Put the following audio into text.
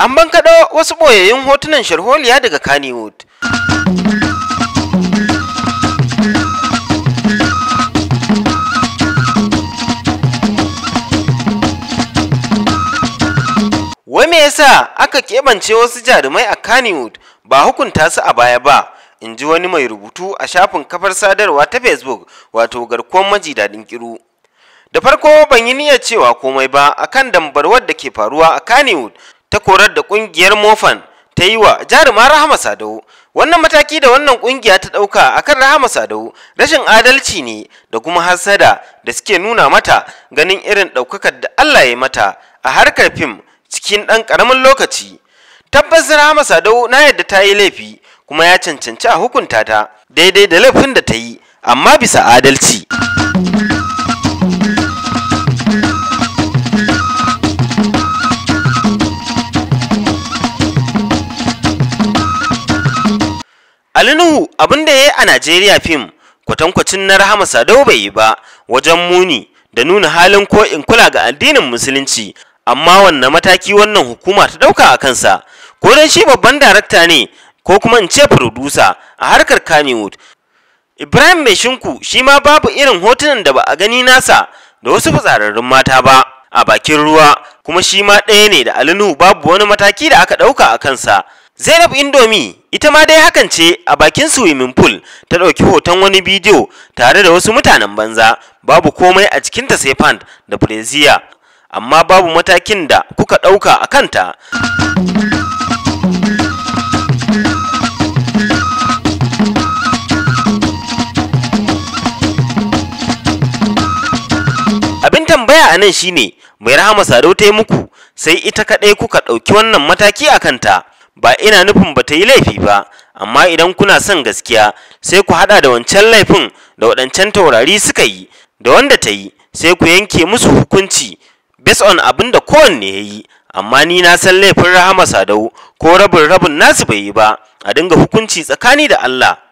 an ban kaɗo wasu ɓoyayyun hotunan sharholiya daga Kannywood. Wai me yasa aka keɓance wasu jarumai a Kannywood ba hukunta su a baya ba, in ji wani mai rubutu a shafin kafar sadarwa ta Facebook wato garkuwar maji daɗin ƙiru. Da farko ban yi niyyar cewa komai ba akan dambarwar da ke faruwa a Kannywood ta korar da ƙungiyar mofan ta yi wa jaruma rahama sadau wannan mataki da wannan ƙungiya ta ɗauka kan rahama sadau rashin adalci ne da kuma hasada da suke nuna mata ganin irin ɗaukakar da allah ya mata a harkar fim cikin ɗan ƙaramin lokaci tabbas rahama sadau na yadda ta yi laifi kuma ya cancanci a hukunta ta daidai da laifin da ta yi amma bisa adalci alinuhu abin da ya yi a najeriya fim kwatankwacin na rahama sadau bai yi ba wajen muni da nuna halin ko in kula ga addinin musulunci amma wanne mataki wannan hukuma ta dauka a kansa ko don shi babban darakta ne ko kuma in ce furodusa a harkar kanewood ibrahim mai shinku shi ma babu irin hotunan da ba a gani nasa da wasu fitsararrun mata ba a bakin ruwa kuma shi ma ɗaya ne da alinu babu wani mataki da aka ɗauka a kansa Zainab Indomi ita ma dai hakan ce a bakin swimming pool ta ɗauki hoton wani bidiyo tare da wasu mutanen banza babu komai a cikinta sai pant da breziya amma babu matakin da kuka ɗauka a kanta. Abin tambaya a nan shine, mai rahama sadau ta yi muku sai ita kaɗai kuka ɗauki wannan mataki a kanta. ba ina nufin ba ta yi laifi ba amma idan kuna son gaskiya sai ku haɗa da wancan laifin da waɗancan taurari suka yi da wanda ta yi sai ku yanke musu hukunci based on abin da kowanne ya yi amma ni na san laifin rahama sadau ko rabin rabin nasu bai yi ba a dinga hukunci tsakani da Allah